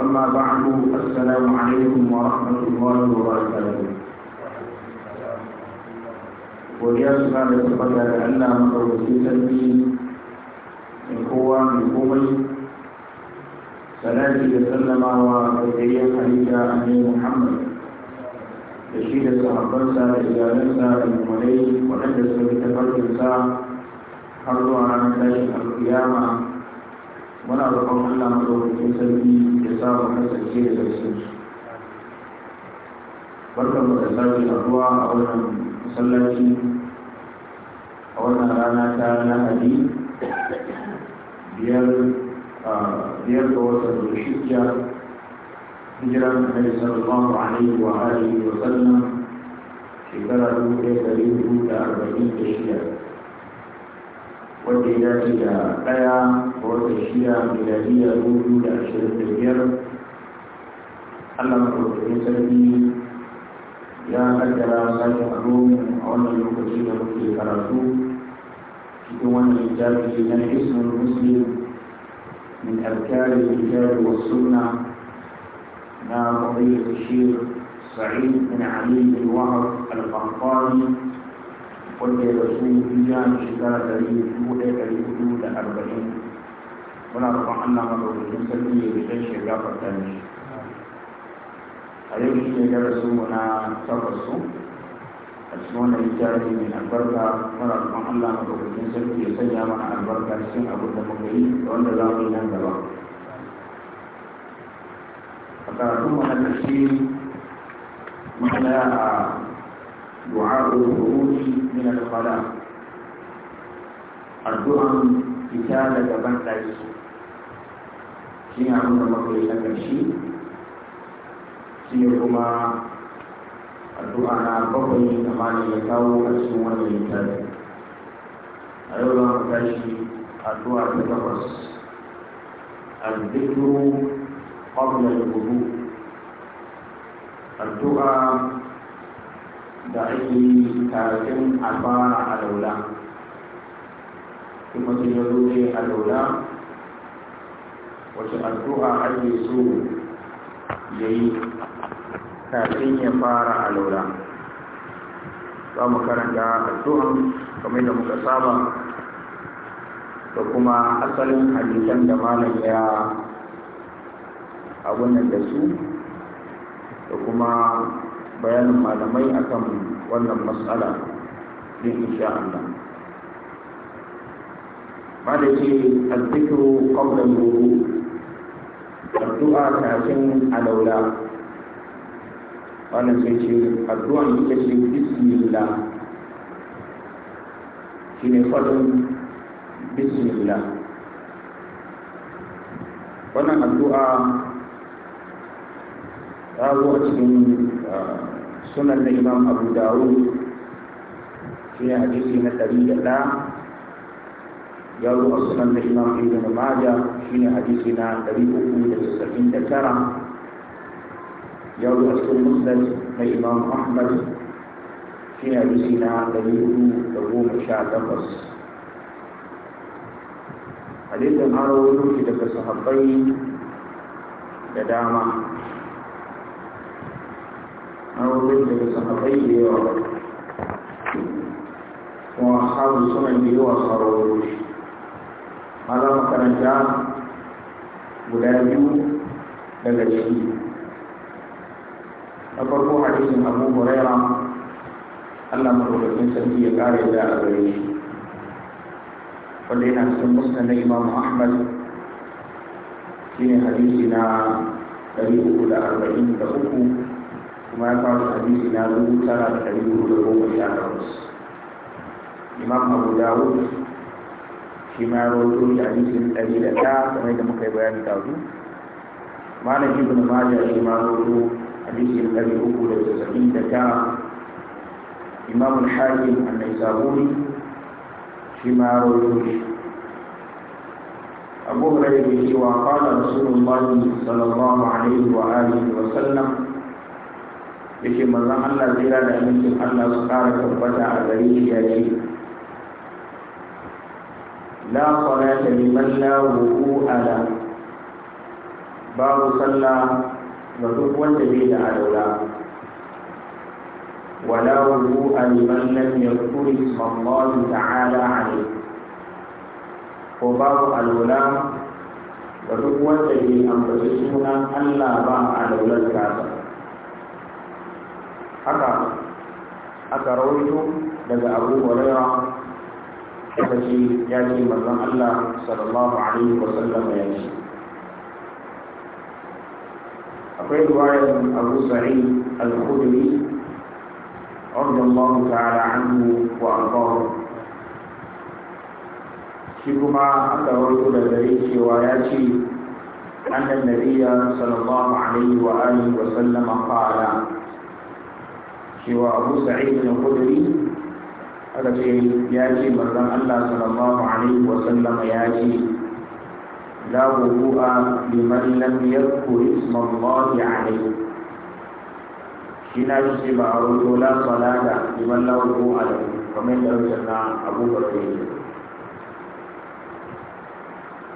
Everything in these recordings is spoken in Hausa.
أما بعد السلام عليكم ورحمة الله وبركاته وجاسنا لتفتى لأننا مدرسين تنبيين من قوة من قوة سلاتي يسلم وفتية حديثة أمين محمد تشيد سحبنسا إجابنسا المليل ونجس في تفتنسا حرضوا على نتاج القيامة muna roƙon Allah madaukakin sarki ya sa mu kasance da gaske barkan mu da sake haɗuwa a wannan masallaci a wannan rana ta lahadi biyar biyar ga watan shidda hijira na kai sallallahu alaihi wa alihi wa sallam shekara dubu ɗaya ɗari hudu da arba'in da shida wanda ya dace da ɗaya wata shiya miladiya dubu da ashirin da biyar allah maɗaukakin sarki ya kaddara sake haro a wannan lokaci da muke karatu cikin wannan littafi na ismul muslim min alkari littafi wa sunna na maɗaukakin bashir سعيد بن علي بن وهب القحطاني wanda ya rasu hijira shekara ɗari biyu ɗaya ɗari hudu da arba'in muna roƙon Allah madaukakin sarki ya bishe shi gafarta mishi a yau shi ne darasin mu na tabbasu a cikin wannan littafi mai albarka muna roƙon Allah madaukakin sarki ya sanya mana albarka cikin abu da muka yi da wanda za mu yi nan gaba a karatun mu na ƙarshe mun a du'a ul-khuruj min al-khala addu'an fita daga banɗaki shi ne abin da muka yi na ƙarshe shi ne kuma addu'a na bakwai da malam ya kawo a cikin wannan littafi a yau za mu tashi addu'a ta takwas الذكر قبل gudu addu'a da ake kafin a fara alaula in mutum ya zo a alola wace addu'a ake so ya yi kafin ya fara a lola za mu karanta addu'an kamar da muka saba da kuma asalin halittar da malam ya abunan da su da kuma bayanin malamai akan wannan matsala din insha Allah ma da ce azzikiru qabla al-wudu addu'a kafin alaula wannan sai ce addu'an ita ce bismillah shine fadin bismillah wannan addu'a ta zo a cikin sunan na imam abu dawud shi ne hadisi na ɗari da ɗaya ya zo a sunan da imam ibn maja shine hadisi na 379 ya zo a cikin musnad na imam ahmad shine hadisi na 418 hadisin an rawaito shi daga sahabbai da dama an rawaito daga sahabbai da yawa kuma sahabu suna da yawa sarawar shi maza makaranta guda biyu daga ciki na farko hadisin abu huraira allah maɗaukakin sarki ya kare da a gare shi wanda yana cikin musta na imam ahmad shine hadisi na ɗari uku da arba'in da uku kuma ya faru hadisi na dubu tara da ɗari uku da goma sha takwas imam abu dawud shi ma ya rawaito shi hadisin ɗari da ɗaya kamar da muka yi bayani ɗazu malam ibn majah shi ma rawaito hadisin ɗari uku da casa'in da ɗaya. imam al annai an-naisaburi shi ya rawaito shi abu da yake cewa qala rasulullahi sallallahu alaihi wa alihi wa sallam yake manzon Allah jira da amincin Allah su ƙara tabbata a gare shi ya ce لا صلاة لمن لا وضوء له باب صلى وضوء والنبي الأولى ولا وضوء لمن لم يذكر اسم الله تعالى عليه وباب الأولى وضوء والنبي أمر اسمنا ألا باع الأولى الكافر haka aka rawaito daga abu hurairah lokaci ya ce manzon Allah sallallahu alaihi wa sallam ya ce akwai ruwaya Abu Sa'id al-Khudri radiyallahu ta'ala anhu wa ardahu shi kuma aka rawaito da gare cewa ya ce annan nabiyya sallallahu alaihi wa alihi wa sallama qala cewa Abu Sa'id al-Khudri aka ce ya ce manzon Allah sallallahu alaihi wa sallama ya ce la wudu'a liman lam yadhkur isma Allah alaihi shi na shi ce ba a rubuto la salata liman la wudu'a alaihi kamar da wajen na abubakar ya yi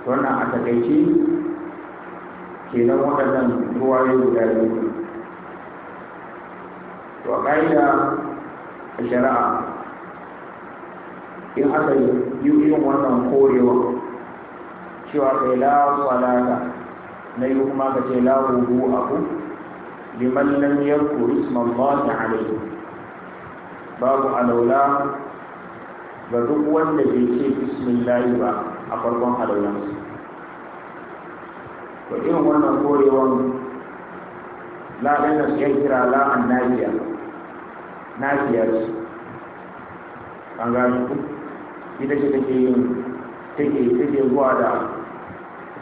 wannan a takaice kenan waɗannan ruwaye guda biyu to a ƙa'ida a shari'a in aka yi irin wannan korewa cewa kai la salata na yi kuma ka ce la rubu aku liman lam yanku isman ta alaihi babu alaula ga duk wanda bai ce bismillahi ba a farkon alaulansa ko irin wannan korewan la ɗaya su yan kira la'an nafiya nafiya su an gani ku ita ce take yin take take zuwa da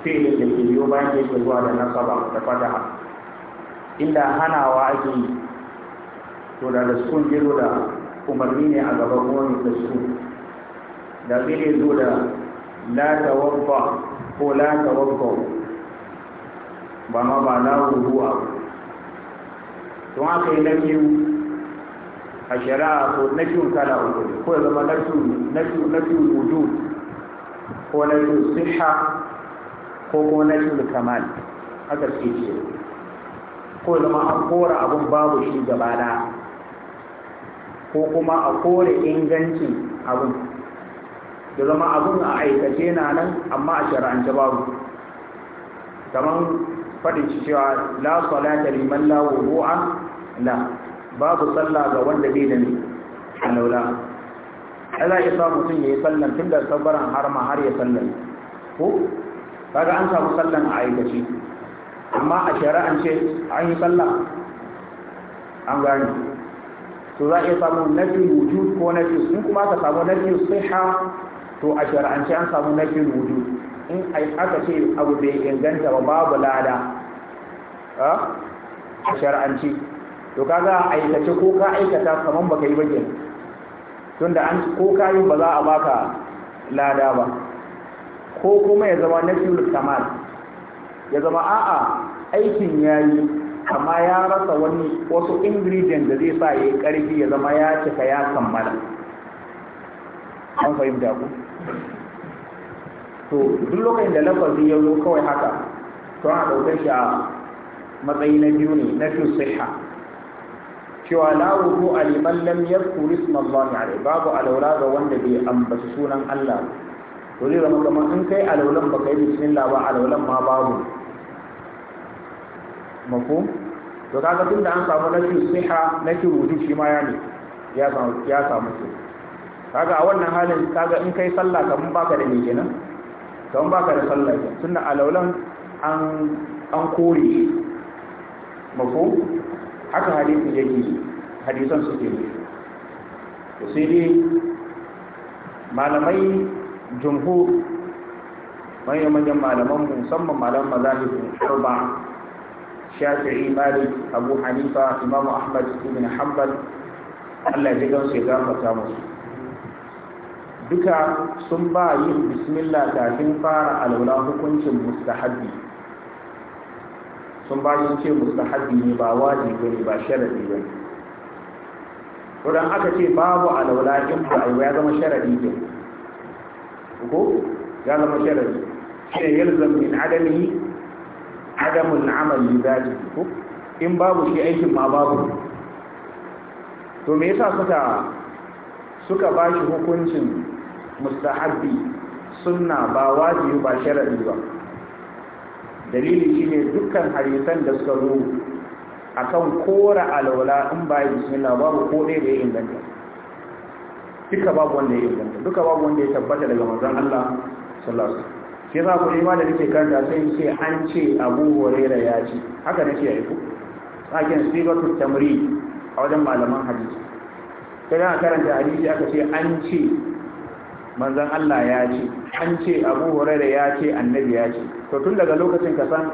fi'ilin da ke biyo bayan da yake zuwa da nasaba da fataha inda hanawa ake yi to da sukun jiro da umarni ne a gaban wani da su da zai zo da la tawabba ko la tawabba ba ma ba la wudu'a to haka yi na biyu a ko na kyun kala uku ne ko ya zama na kyun wudu ko na kyun siha ko kuma na kyun kamal haka ce ce ko ya zama a kora abun babu shi gaba da ko kuma a kore ingancin abun da zama abun a aikace na nan amma a shari'ance babu kamar faɗin cewa la salata liman la wudu'a la babu sallah ga wanda bai da ne A za a isa mutum ya yi sallan tun da sabbaran har ma har ya sallan ko kaga an samu sallan a aikaci amma a shari'an ce an yi sallah an gani to za a iya samu nafi wujud ko nafi sun kuma ka samu nafi siha to a shari'ance an samu nafi wujud in aka ce abu bai inganta ba babu lada a shari'ance to kaga aikace ko ka aikata kaman baka yi bakin tunda an ko ka yi ba za a baka lada ba ko kuma ya zama na shi kamal ya zama a'a aikin ya yi amma ya rasa wani wasu ingredient da zai sa ya yi karfi ya zama ya cika ya kammala an fahimta ku to duk lokacin da lafazi ya zo kawai haka to ana daukar shi a matsayi na biyu ne na fi siha cewa la wudu a ya lam yadhkur isma Allah alai babu alaula ga wanda bai ambaci sunan Allah to zai zama kamar in kai alaulan ba kai bismillah ba alaulan ma babu mafhum to kaga tun da an samu nafi siha nafi wudu shi ma ya ne ya samu ya samu kaga a wannan halin kaga in kai sallah kamar baka da mai kenan kamar baka da sallah tunda alaulan an an kore mafhum haka hadisin yake hadisan suke to sai dai malamai jumhur manyan manyan malaman musamman malaman mazahibin arba shafi'i malik abu hanifa imam ahmad ibn hanbal allah ya gan sai ta musu duka sun ba yin bismillah kafin fara alwala hukuncin mustahabbi sun ba shi ce mustahabi ne ba wajibi ne ba sharadi ba ne dan aka ce babu alaula in ba ai ya zama sharadi ne ko ya zama sharadi shi yalzam min adamihi adamu al-amal li dhatihi ko in babu shi aikin ma babu to me yasa suka suka ba shi hukuncin mustahabi sunna ba wajibi ba sharadi ba dalili shine dukkan hadisan da suka zo akan kora alawala in ba yi bismillah babu ko ɗaya da ya inganta duka babu wanda ya inganta duka babu wanda ya tabbata daga manzon Allah sallallahu alaihi wasallam sai za ku ima da nake karanta sai ce an ce Abu da ya ce haka nake yi ku sakin sibatu tamri a wajen malaman hadisi sai na karanta hadisi aka ce an ce manzan Allah ya ce an ce Abu da ya ce annabi ya ce to tun daga lokacin ka san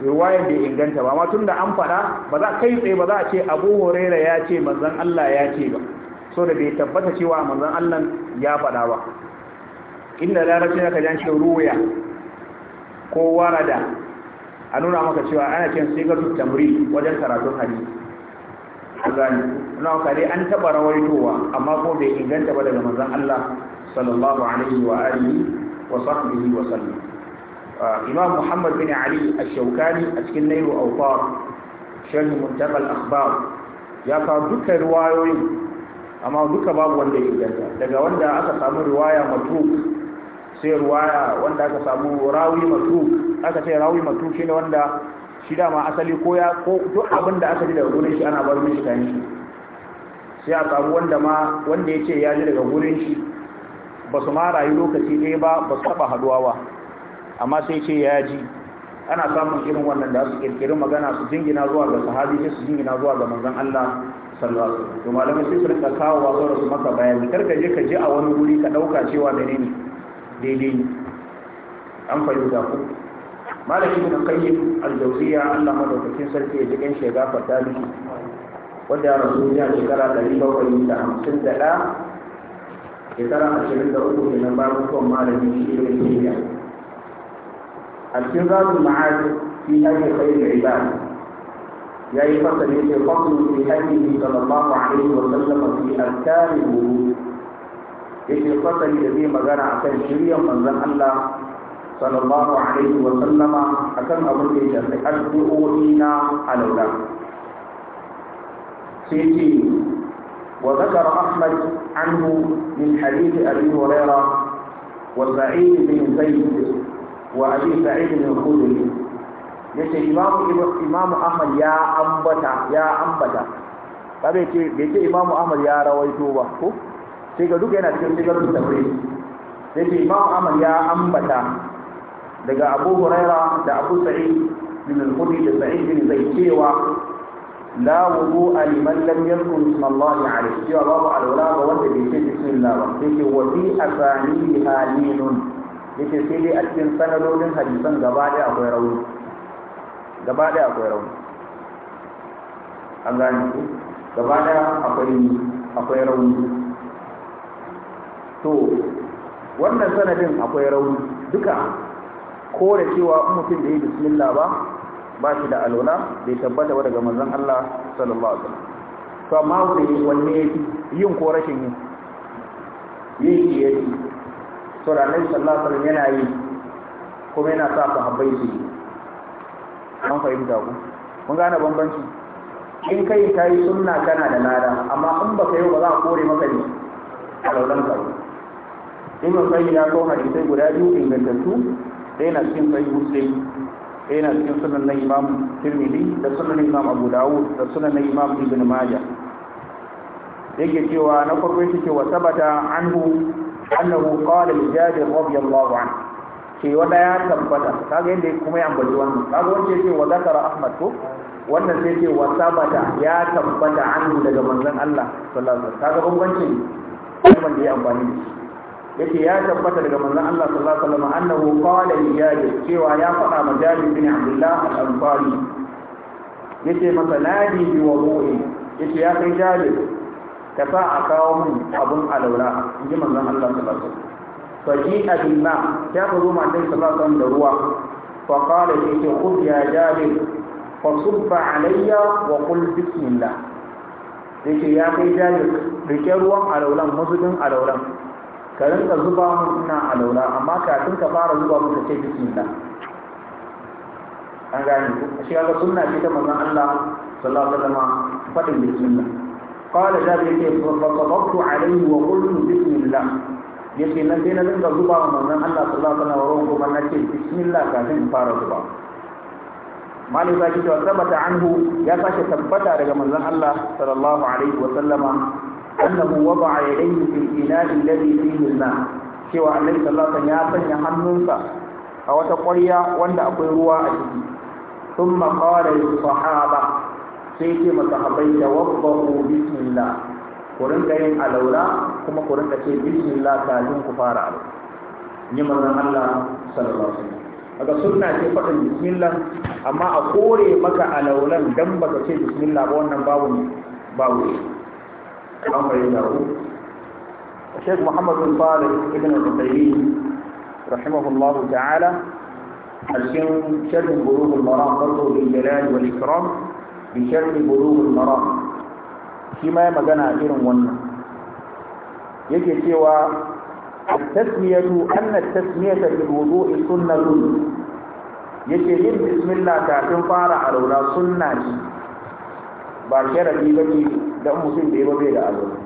riwaya bai inganta ba amma tun da an fada ba za kai tsaye ba za a ce Abu da ya ce manzan Allah ya ce ba so da bai tabbata cewa manzan Allah ya fada ba inda larabci ka jan shi ruwaya ko warada a nuna maka cewa ana cin sigatu tamri wajen karatun hadisi gani na kare an taba rawaitowa amma ko bai inganta ba daga manzon Allah sallallahu alaihi wa alihi wa sahbihi wa sallam uh, imam muhammad bin ali ash-shawkani a cikin nailu awtar sharh muntaqa al-akhbar ya kawo duka riwayoyin amma duka babu wanda ya inganta daga wanda aka samu riwaya matruk sai riwaya wanda aka samu rawi matruk aka ce rawi matruk shine wanda shi dama asali ko ya ko duk abin da aka ji daga gurin shi ana bar mishi kan shi sai a samu wanda ma wanda ya ce ya ji daga gurin shi ba su mara yi lokaci ne ba ba su taba haduwa ba amma sai ce ya ji ana samun irin wannan da su kirkiri magana su jingina zuwa ga sahabi sai su jingina zuwa ga manzon Allah sallallahu alaihi wasallam to malamai sai su rinka kawo wa zuwa su maka bayani kar ka je ka je a wani guri ka dauka cewa menene daidai an fahimta ku malami ibn qayyim al-jawziya Allah madaukakin sarki ya ji kan shiga fatali wanda ya rasu ya shekara 751 shekara ashirin da uku ke nan babu kwan malamin shi ibn taymiya a cikin zaɓin ma'aji fi hajji kai da ibadu ya yi fasa ne ke fasu fi hajji sallallahu alaihi wa sallam fi azkari wuru ya ce fasa da zai magana a kan shirya manzon allah sallallahu alaihi wa sallama a kan abin da ya shafi addu'o'i na alaula sai ce wa zakar ahmad عنه من حديث أبي هريرة وسعيد بن زيد وأبي سعيد الخدري yace imamu imamu ahmad ya ambata ya ambata ba bai ce bai ce imamu ahmad ya rawaito ba ko sai ga duka yana cikin sigar tafsir sai ce imamu ahmad ya ambata daga abu huraira da abu sa'id bin da sa'id bin la wudu a lam yarku bismi Allah alaihi cewa babu alwala ga wanda bai ce bismillah ba sai ce wa fi asanihi halinun Yake sai dai a cikin sanadodin hadisan gaba ɗaya akwai rauni gaba ɗaya akwai rauni an gane ku gaba ɗaya akwai akwai rauni to wannan sanadin akwai rauni duka ko da cewa mutum da yi bismillah ba ba shi da alwala bai tabbata daga manzon Allah sallallahu alaihi wasallam to amma wani wanne yin ko rashin yin Yi yi yayi to da nan sallallahu alaihi wasallam yana yi kuma yana sa sahabbai habbai shi an fahimta ku mun gane bambanci in kai ta yi sunna kana da lada amma in ba ka yi ba za a kore maka ne a lauran ka ibn sayyid ya ko hadisai guda biyu ingantattu ɗaya na cikin sai muslim yana eh, cikin sunan na imam tirmidhi da sunan imam abu dawud da sunan na imam ibn majah yake cewa na farko yake cewa sabata anhu annahu qala li jabir radiyallahu anhu cewa wanda ya tabbata kaga yadda kuma ya ambaci wannan kaga wanda yake wa zakara ahmad ko wannan sai yake wa sabata ya tabbata anhu daga manzon Allah sallallahu alaihi wasallam kaga bambancin kuma da ya shi yake ya tabbata daga manzon Allah sallallahu alaihi wasallam annahu qala li jabir cewa ya faɗa ma jabir bin Abdullah al-Ansari yace masa nadi bi wudu'i yace ya kai jabir ka sa a kawo min abun alaura in ji manzon Allah sallallahu alaihi wasallam فجيء بالماء يأخذ dai النبي صلى الله عليه وسلم بالرواح yace لي ya يا جابر فصب علي wa بسم bismillah. Yace ya kai jajir rike ruwan alaulan mazubin alaulan ka rinka zuba mun ina alaula amma kafin ka fara zuba mun ka ce bismillah an gane ku shi ga sunna ce ta manzon Allah sallallahu alaihi wasallam fadin bismillah qala jabir yake fa qadabtu wa qultu bismillah yake nan sai na rinka zuba mun manzon Allah sallallahu alaihi wasallam kuma na ce bismillah kafin fara zuba malik zaki cewa tabbata anhu ya sake tabbata daga manzon Allah sallallahu alaihi wasallama أنه وضع يديه في الإناء الذي فيه الماء ma cewa ليس الله alaihi wasallam ya sanya hannunsa a wata ƙwarya wanda akwai ruwa a ciki thumma qala lis-sahaba sai ce masahabai da wabbahu bismillah ku rinka yin alaura kuma ku rinka ce bismillah kafin ku fara sunna ce faɗin bismillah amma a kore maka alaulan dan baka ce bismillah ba wannan babu babu عمر بن داود الشيخ محمد بن صالح ابن الرقيين رحمه الله تعالى الشيخ شرح بلوغ المرام برضه للجلال والإكرام بشرح بلوغ المرام فيما مدنا أجير ونا يجي سوى التسمية أن التسمية في الوضوء سنة يجي بسم الله تعالى فارع لولا سنة باشرة بيبتي dan mutum da ya ba bai da azumi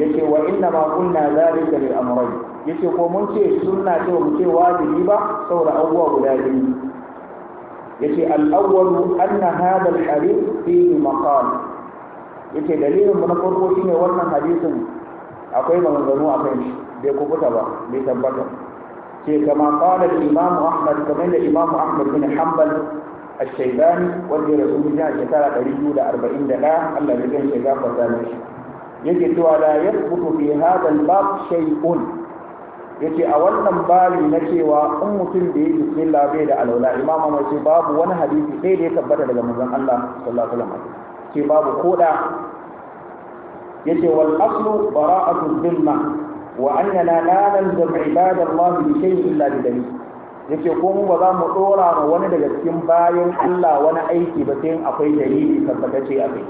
yace wa inna ma kunna zalika lil amrayn yace ko mun ce sunna ce mu ce wajibi ba saboda abubuwa guda biyu yace al-awwal anna hadha al-hadith fihi maqal yace dalilin mu na farko shine wannan hadisin akwai maganganu a kan shi bai kubuta ba bai tabbata ce kama qala al-imam ahmad kamar da imam ahmad bin hanbal A الشيباني wanda ya rasu a shekara ɗari biyu da arba'in da ɗaya Allah ya gaishe gafarta shi. yake cewa la yasbutu fi hadha al-bab shay'un yace a wannan babi na cewa in mutum da ya yi bismillah bai da alwala imam Ahmad ce babu wani hadisi sai da ya tabbata daga manzon Allah sallallahu alaihi wasallam ce babu koda yace wal aslu bara'atu dhimma wa annana la nalzamu ibadallahi bi shay'in illa bi dalil yace ko mu ba za mu dora ma wani daga cikin bayan Allah wani aiki ba sai akwai dalili tabbatacce a kai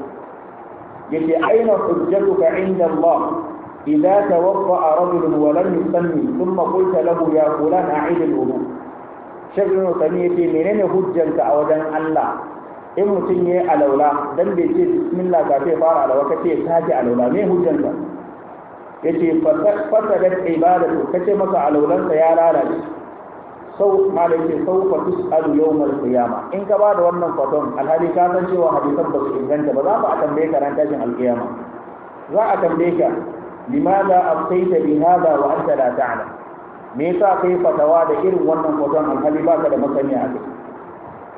yace aina hujjatuka inda Allah idza tawaffa rajul wa lam yusalli thumma qulta lahu ya fulan a'id al-wudu shagun sani yace menene hujjanka a wajen Allah in mutum yayi alaula dan bai ce bismillah ga sai fara alawa kace ta ji alaula me hujjanka yace fasadat ibadatu kace masa alaulansa ya lalace sau malai ce sau fa tus'alu yawmal qiyama in ka ba da wannan faton alhali ka san cewa hadisan ba su inganta ba za ba a tambaye ka ran tashin alqiyama za a tambaye ka limaza afsaita bi hada wa anta ta ta'lam me yasa kai fatawa da irin wannan faton alhali ba ka da masaniya a kai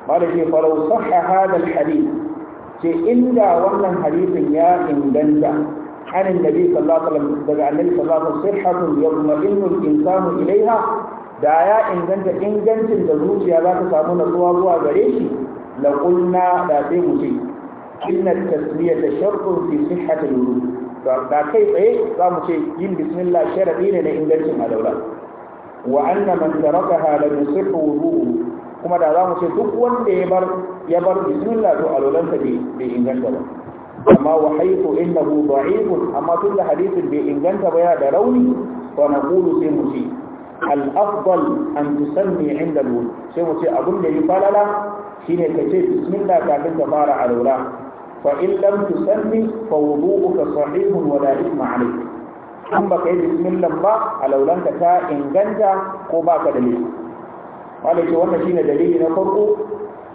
malai ce falau sahha hada alhadith ce inda wannan hadisin ya inganta عن النبي صلى الله عليه وسلم عن النبي صلى الله عليه وسلم صحة يطمئن الإنسان إليها da ya inganta ingancin da zuciya za ta samu natsuwa zuwa gare shi la kulna da sai mu ce inna tasmiyata shartun fi sihhati al-wudu da kai tsaye za mu ce yin bismillah sharadi ne na ingancin alaura wa anna man tarakaha la yusihhu wudu'u kuma da za mu ce duk wanda ya bar ya bar bismillah to alaulansa bai inganta ba amma wa haifu innahu da'ifun amma tun da hadisin bai inganta ba ya da rauni fa naqulu sai mu ce al-afdal an tusanni inda al sai mu ce abin da yi falala ne ka ce bismillah kafin ka fara alwala fa in lam tusanni fa wudu'uka sahihun wa la ithma alayk in baka yi bismillah ba alwalan ka ta inganta ko baka da laifi wala ce wannan shine dalili na farko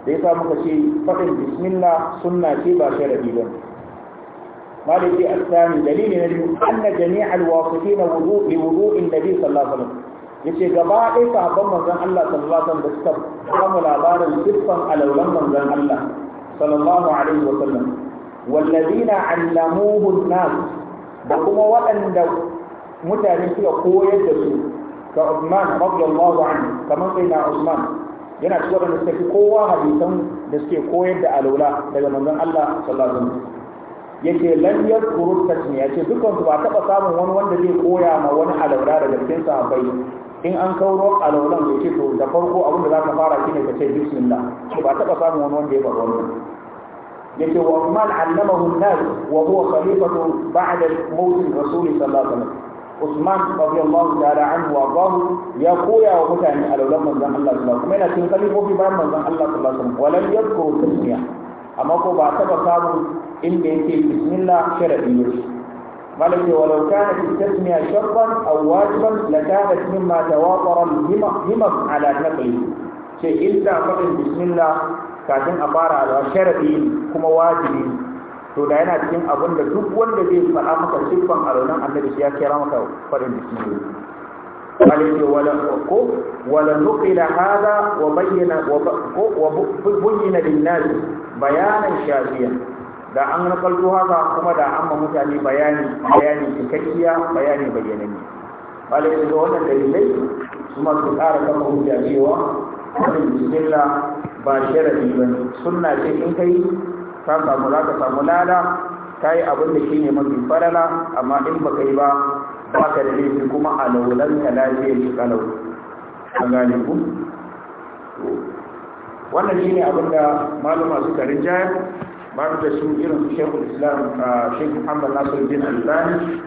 da yasa muka ce fadin bismillah sunna ce ba shi sharadi ba مالك الثاني دليل أن جميع الواصفين وضوء لوضوء النبي صلى الله عليه وسلم yace gaba ɗaya sahabban manzon Allah sallallahu alaihi wasallam da suka samu labarin dukkan alaulan manzon Allah sallallahu alaihi wasallam walladina allamuhu an-nas da kuma waɗanda mutane suka koyar da su ka Uthman radiyallahu anhu kamar sai na Uthman yana cikin da suka kowa hadisan da suke koyar da alawla daga manzon Allah sallallahu alaihi wasallam yake lan yadkuru tasmiya yace dukkan su ba taba samun wani wanda zai koya ma wani alaura daga cikin sahabbai in an kawo da yace to da farko abin da zaka fara shine ka ce bismillah ba taba samun wani wanda ya faɗa wannan yace wa umman allamahu an-nas wa huwa khalifatu ba'da mawt rasul sallallahu alaihi wasallam Usman radiyallahu ta'ala anhu wa bahu ya koya wa mutane alauran manzon Allah sallallahu alaihi wasallam kuma yana cikin khalifofi bayan manzon Allah sallallahu alaihi wasallam walan yadkuru tasmiya amma ko ba taba samun inda yake bismillah sharadi ne malaka walau kana tasmiya shartan aw wajiban la kanat mimma tawatara himam ala naqli ce inda fadin bismillah kafin a fara da sharadi kuma wajibi to da yana cikin abin da duk wanda zai faɗa maka a alwalan annabi ya kira maka fadin bismillah عليه ولا hada نقل هذا وبين وبين للناس بيانا شافيا da an nakalto haka kuma da an ma mutane bayani bayani cikakkiya bayani bayyanani wale da wannan dalilai kuma su ƙara kama hujja cewa wannan bismillah ba sharadi ba sunna ce in kai ka samu lada samu lada Ta yi abin da shi ne mafi farala amma in ba yi ba ba ka da laifi kuma a laulan ka lafiya shi kalau an gane ku wannan shi ne abin da maluma suka rinjaya su da su irin su shekul islam a muhammad nasir bin albani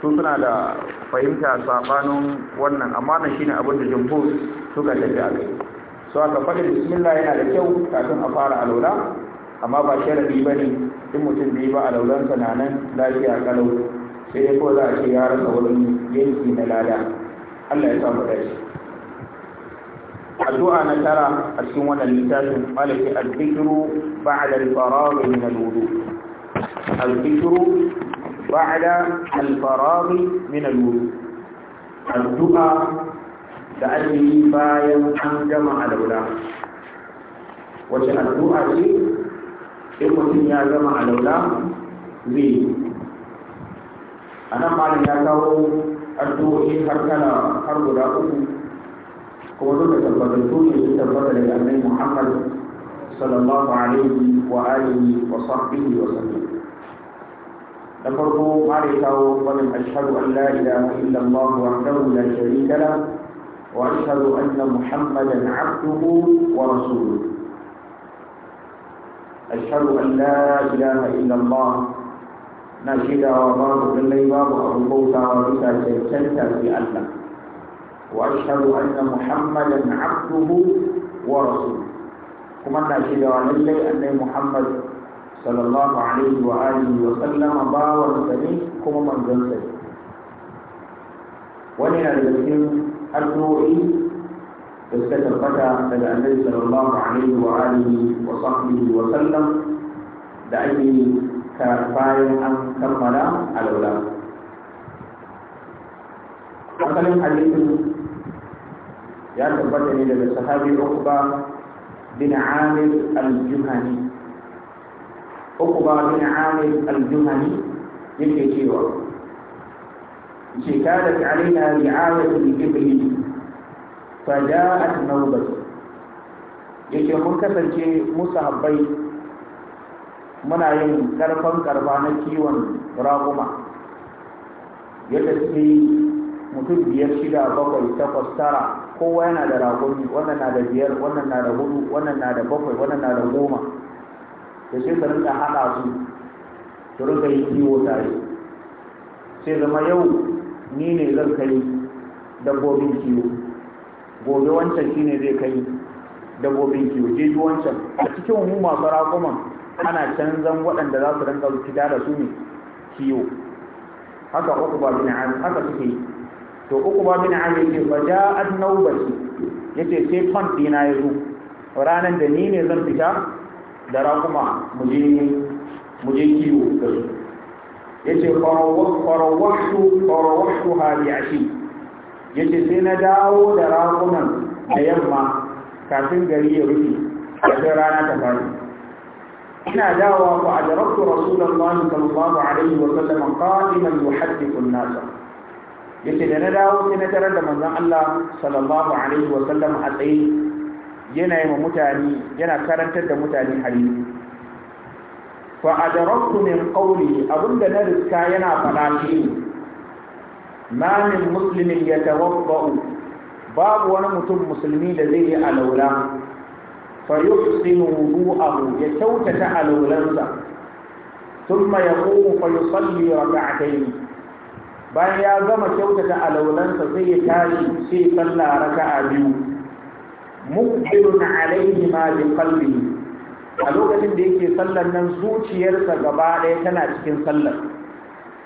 su suna da fahimta sabanin wannan amma na shi ne abin da jumhur suka tafi a kai so aka faɗi bismillah yana da kyau kafin a fara alwala amma ba sharadi ba ne in mutum bai ba laulansa na nan lafiya kalau sai ya ko za a ce ya rasa wurin yanki na lada allah ya samu dace addu'a na tara a cikin wannan littafin malaki al-dhikru ba'da al-faragh min al-wudu al-dhikru ba'da al-faragh min al-wudu addu'a da ake yi bayan an gama alwala wace addu'a ce in mutum ya zama a laula zai yi a nan malin ya kawo addu'o'i har kala har guda uku kuma duka tabbatattu ne su tabbata daga annabi muhammad sallallahu alaihi wa alihi wa sahbihi wa sallam da farko malin kawo wannan ashhadu an la ilaha illallah wahdahu la sharika lahu واشهد ان محمدا wa ورسوله أشهد أن لا إله إلا الله na shaidawa babu lallai babu abin bautawa bisa cancanta sai Allah wa ashhadu anna muhammadan abduhu wa rasuluhu kuma na shaidawa lallai annai muhammad sallallahu alaihi wa alihi wa sallama bawan sa kuma manzon sa wani na da cikin suka tabbata daga annabi sallallahu alaihi wa alihi wa sahbihi wa sallam da ake ka bayan an kammala alwala asalin hadisin ya tabbata ne daga sahabi Uqba bin Amir al-Juhani Uqba bin Amir al-Juhani yake cewa ce kada ka alaina ri'ayatu al-ibli faja'at nawbat yake mun kasance musu habbai muna yin karfan karba na kiwon raguma yadda suke yi mutum biyar shida bakwai takwas tara kowa yana da ragumi wannan na da biyar wannan na da hudu wannan na da bakwai wannan na da goma da sai ka rinka haɗa su su rinka yi kiwo tare sai zama yau ni ne zan kai dabbobin kiwo gobe wancan shine zai kai da gobin kiwo je ji wancan a cikin mu masu rakuman ana canzan waɗanda za su rinka fita da su ne kiwo haka uku ba bin ali haka suke yi to uku ba bin ali yake fa ja'at nawbati yace sai fan dina ya zo ranan da ni ne zan fita da rakuma mu je mu je kiwo da su yace farawwahtu farawwahtu farawwahtu hadi ashi yace sai na dawo da ragunan da yamma kafin gari ya rufe kafin rana ta fari ina dawowa ko ajarabtu rasulullahi sallallahu alaihi wa sallam qa'iman yuhaddithu an nasa. yace da na dawo sai na tarar da manzon Allah sallallahu alaihi wa sallam a tsaye yana yi mutane yana karantar da mutane hadisi fa ajarabtu min qawli abinda na riska yana fada shi ma min muslimin yatawaffa'u babu wani mutum musulmi da zai yi alaula fa yuhsinu wudu'ahu ya kyautata alaulansa thumma yaqumu fa yusalli rak'atayn bayan ya gama kyautata alaulansa sai ya tashi sai sallah raka'a biyu muqbilun alayhi ma bi qalbihi a lokacin da yake sallar nan zuciyarsa gaba ɗaya tana cikin sallar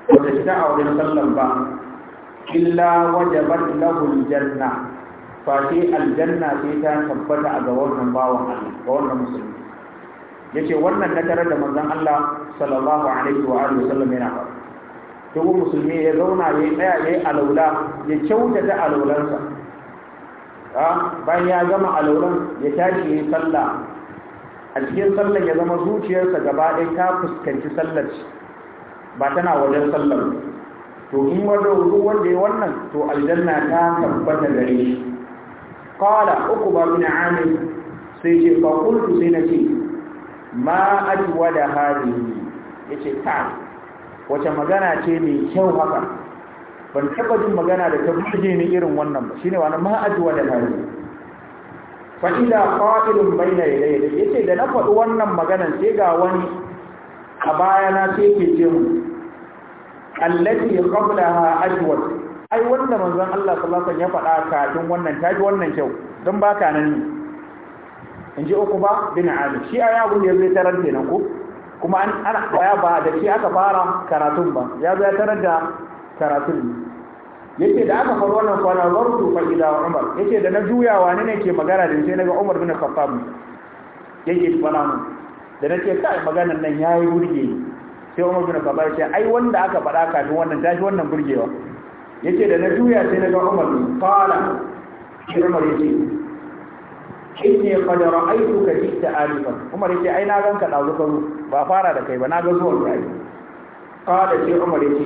ba ta fita a wurin sallar ba illa wajabat lahu janna, fa sai aljanna sai ta tabbata a ga wannan bawan Allah ga wannan musulmi yace wannan na tare da manzon Allah sallallahu alaihi wa alihi wasallam yana faɗa to musulmi ya zauna ya tsaya ya alaula ya kyautata alaulansa a bayan ya gama alaulan ya tashi ya sallah a cikin sallar ya zama zuciyarsa gaba ɗaya ta fuskanci sallar ba tana wajen sallar ba to in wanda duk wanda ya wannan to aljanna ta tabbata gare shi qala uqba bin amir sai ce fa qultu sai nace ma ajwada Ya yace ta wace magana ce mai kyau haka ban taba jin magana da ta buje ni irin wannan ba shine wannan ma ajwada hadhihi fa ila qa'ilun bayna yadayhi yace da na faɗi wannan maganan sai ga wani a bayana sai ke ce mu allati qablaha ajwad ai wanda manzon Allah sallallahu alaihi wasallam ya faɗa kafin wannan tafi wannan kyau don baka nan in ji uku ba bin ali shi aya abun da ya zai tarar kenan ko kuma an ana koya ba da shi aka fara karatun ba ya zai tarar da karatun yace da aka faru wannan kwana zartu fa ila umar yace da na juyawa ne nake magana da sai naga umar bin khattab yake fara mun da nake kai maganar nan yayi burge ni sai umar bin ya ce ai wanda aka faɗa kafin wannan tashi wannan burgewa yace da na juya sai na ga umar fara shi umar ya ce yace aiki ka ra'aytuka ta alifar umar ya ce ai na gan ka ɗazu ka ba fara da kai ba na ga zuwan yi fara shi umar ya ce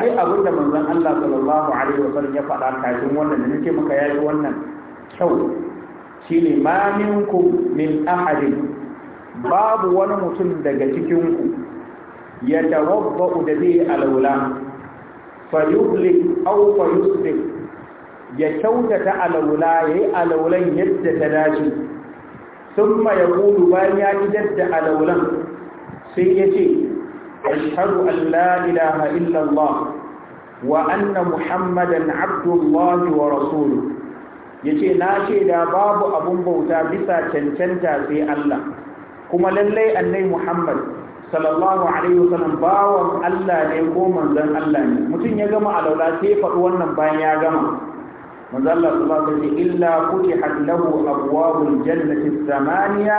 ai abin da manzan Allah sallallahu alaihi wasallam ya faɗa kafin wannan da nake maka yayi wannan kyau ne ma minku min ahadin babu wani mutum daga cikin yatawadda'u da zai alwala fa yublik aw fa ya kyautata alwala yayi alwalan yadda ta dace ya kudu bayan ya da alwalan sai yace ashhadu an Allah ilaha wa anna muhammadan abdullahi wa rasuluhu yace na da babu abun bauta bisa cancanta sai Allah kuma lallai annai Muhammad sallallahu alaihi wasallam bawan Allah ne ko manzon Allah ne mutum ya gama a daula sai faɗi wannan bayan ya gama manzon Allah sallallahu alaihi wasallam illa futihat lahu abwabul jannati thamaniya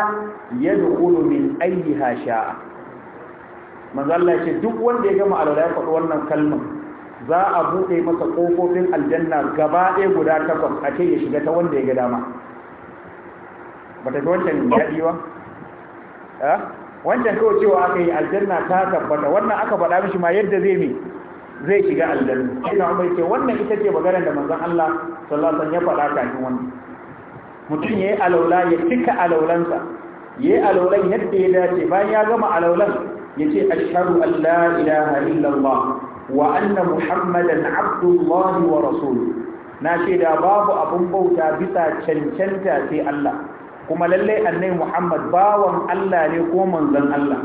yadkhulu min ayyiha sha'a manzon Allah ce duk wanda ya gama a daula ya faɗi wannan kalmar za a buɗe masa kofofin aljanna gaba ɗaya guda takwas a ce ya shiga ta wanda ya ga dama ta fi wancan daɗi ba eh? wancan kawai cewa aka yi aljanna ta tabbata wannan aka faɗa mishi ma yadda zai mi zai shiga aljanna sai na umar ce wannan ita ce maganar da manzon Allah sallallahu alaihi wasallam ya faɗa kafin wannan mutum yayi alaula ya tika alaulansa yayi alaulan yadda ya dace bayan ya gama alaulan yace ashhadu an la ilaha illallah wa anna muhammadan abdullahi wa rasuluhu na shaida babu abun bauta bisa cancanta sai Allah kuma lallai annai muhammad bawan allah ne ko manzon allah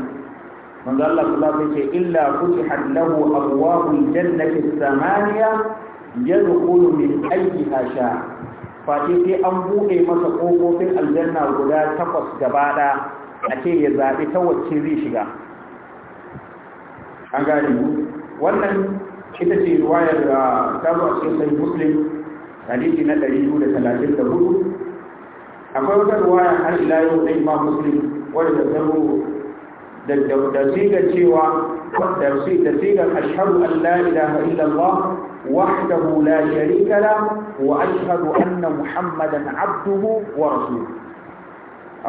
manzo Allah sai ce illa futihat lahu abwabul jannati samaniya? yadkhulu min ayyiha hasha fa sai an bude masa ƙofofin aljanna guda takwas gaba da ake ya zabi ta wacce zai shiga an gane wannan ita ce ruwayar da ah, ta zo a cikin sahih muslim hadisi na 234 akwai wata ruwaya har ila yau na imam muslim wadda ta ruwa da siga cewa da siga ashhadu an la ilaha illallah wahdahu la sharika la wa ashhadu anna muhammadan abduhu wa rasuluhu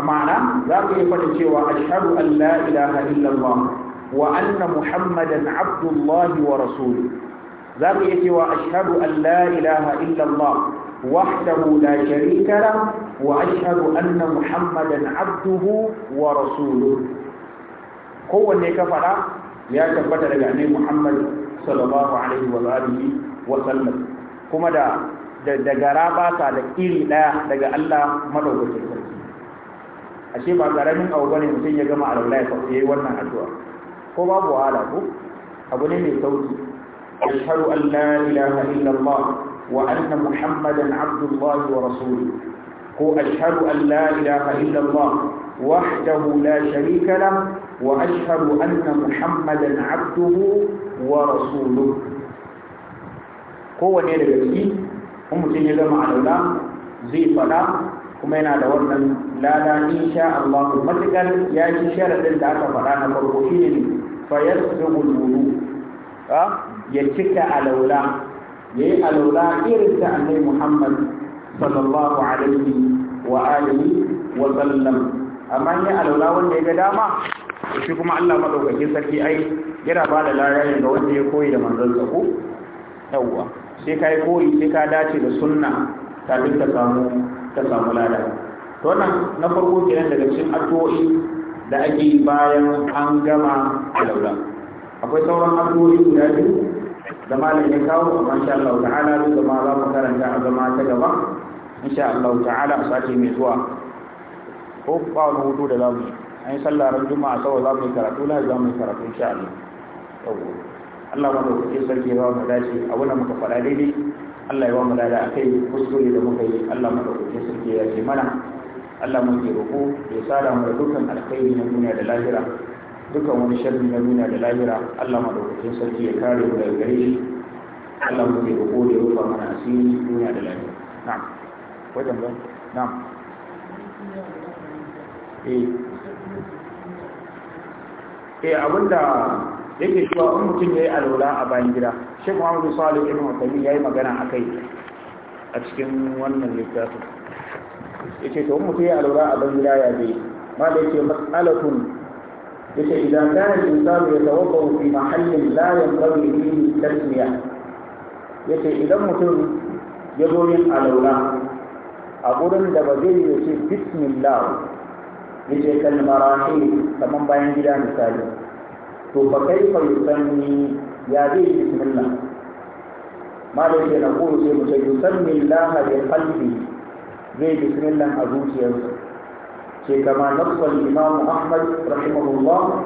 ma'ana za ka yi cewa ashhadu an la ilaha wa anna muhammadan wa za cewa ashhadu an la ilaha wahdahu la وأشهد أن محمدا عبده ورسوله هو اللي كفر يا كفر يعني محمد صلى الله عليه وآله وسلم كما دا da garaba ta da iri ɗaya daga Allah madaukakin sarki ashe ba garamin abu bane mutum ya gama alwala ya yi wannan addu'a ko babu wahala ko abu ne mai sauki ashhadu an la ilaha illallah wa anna muhammadan abdullahi wa rasuluhu ko ashhadu an la ilaha illallah wahdahu la sharika lah wa ashhadu anna muhammadan abduhu wa rasuluhu kowane daga ciki in mutum ya zama alaula zai faɗa kuma yana da wannan lada insha Allah matuƙar ya ci sharaɗin da aka faɗa na farko shi ne fayar zubul wudu ya cika alaula ya yi alaula irin ta annai Muhammad sallallahu alaihi wa alihi wa sallam amma ni alawla wanda ya ga dama shi kuma Allah madaukake sarki ai yana ba da larayi ga wanda ya koyi da manzon sa ko yawwa sai kai koyi sai ka dace da sunna kafin ka samu ka samu lada to wannan na farko kenan daga cikin addu'o'i da ake bayan an gama alawla akwai sauran addu'o'i guda biyu da malamin ya kawo amma insha Allah ta'ala duk da ma za mu karanta a zama ta gaba insha Allah ta'ala a sati mai zuwa ko ba wani hudu da zamu an yi sallah ran juma'a saboda mu yi karatu za mu yi karatu insha Allah yawa Allah ma dauke sarki ba mu dace abuna muka faɗa daidai Allah ya ba mu dada lada akai kuskure da muka yi Allah ma dauke sarki ya ce mana Allah mu ke roƙo ya sada mu da dukkan alkhairi na duniya da lahira dukkan wani sharri na duniya da lahira Allah ma dauke sarki ya kare mu daga gare shi Allah mu ke roƙo da ya rufa mana asiri duniya da lahira na'am wajen ba na'am eh eh abinda yake cewa in mutum ya yi alwala a bayan gida shek muhammadu salih ibn mutami ya yi magana a kai a cikin wannan littafin ya ce to mutum ya yi alwala a bayan gida ya zai ma da yake matsalatun ya ce idan kayan insanu ya tawabba fi mahallin layan kawai ne tasmiya ya ce idan mutum ya zo yin alwala a gurin da ba zai yi ce bismillah yace kalmarahi kaman bayan gida misali to fa kaifa yusanni ya zai bismillah da ke na kuru sai mutum yusanni Allah bi qalbi zai bismillah a zuciyarsa ce kama nafsal imam Ahmad rahimahullah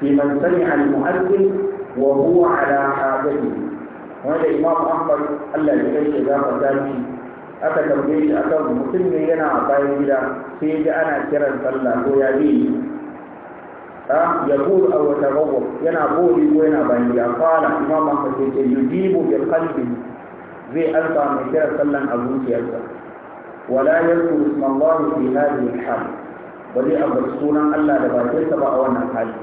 fi man sani al-mu'adhdhin wa huwa ala hadathi wanda imam Ahmad Allah ya kai shi da fadani aka tambaye shi akan mutum ne yana a bayan gida sai ya ana kiran sallah ko ya yi a ya buru a wata rago yana bori ko yana bayan gida fara imam ahmad ya ce yujibu bi zai alfa mai kiran sallan a zuciyarsa wala yazkuru isma Allah fi hadhihi al-hal ba zai sunan Allah da bakinsa ba a wannan hali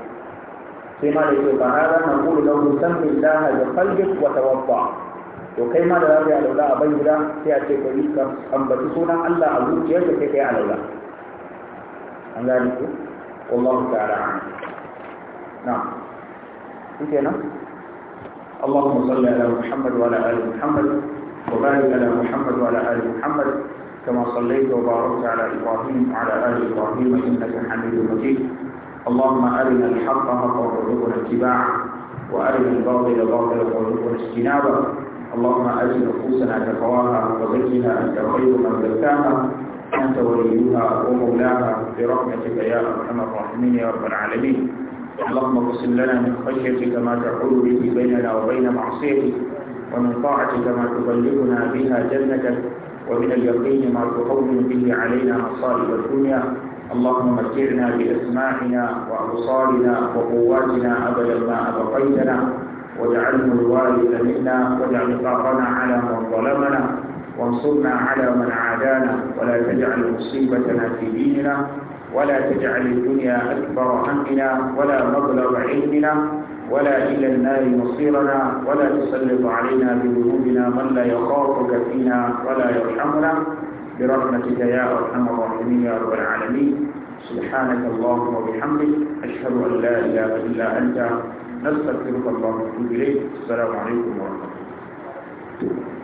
sai ma da ke fa hada naqulu lahu sammi Allah da qalbik Wata tawaffa' to kai ma da za ka yi alaula a bai guda sai a ce ka yi ka ambaci sunan Allah a zuciyarka sai ka alaula an gane ku wallahu ta'ala na'am اللهم صل على محمد وعلى ال محمد وبارك على محمد وعلى ال محمد كما صليت وباركت على إبراهيم وعلى آل إبراهيم إنك حميد مجيد اللهم أرنا الحق حقا وارزقنا اتباعه وأرنا الباطل باطلا وارزقنا اجتنابه اللهم آت نفوسنا تقواها وزكها أنت خير من زكاها أنت وليها ومولاها برحمتك يا أرحم الراحمين يا رب العالمين اللهم اقسم لنا من خشيتك ما تحول به بيننا وبين معصيتك ومن طاعتك ما تبلغنا بها جنتك ومن اليقين ما تهون به علينا مصائب الدنيا اللهم متعنا بأسماعنا وأبصارنا وقواتنا أبدا ما أبقيتنا واجعله الوارث منا واجعل ثارنا على من ظلمنا وانصرنا على من عادانا ولا تجعل مصيبتنا في ديننا ولا تجعل الدنيا أكبر همنا ولا مبلغ علمنا ولا إلى النار مصيرنا ولا تسلط علينا بذنوبنا من لا يخافك فينا ولا يرحمنا برحمتك يا أرحم الراحمين يا رب العالمين سبحانك اللهم وبحمدك أشهد أن لا إله إلا أنت نستغفرك اللهم ونتوب اليك السلام عليكم ورحمه الله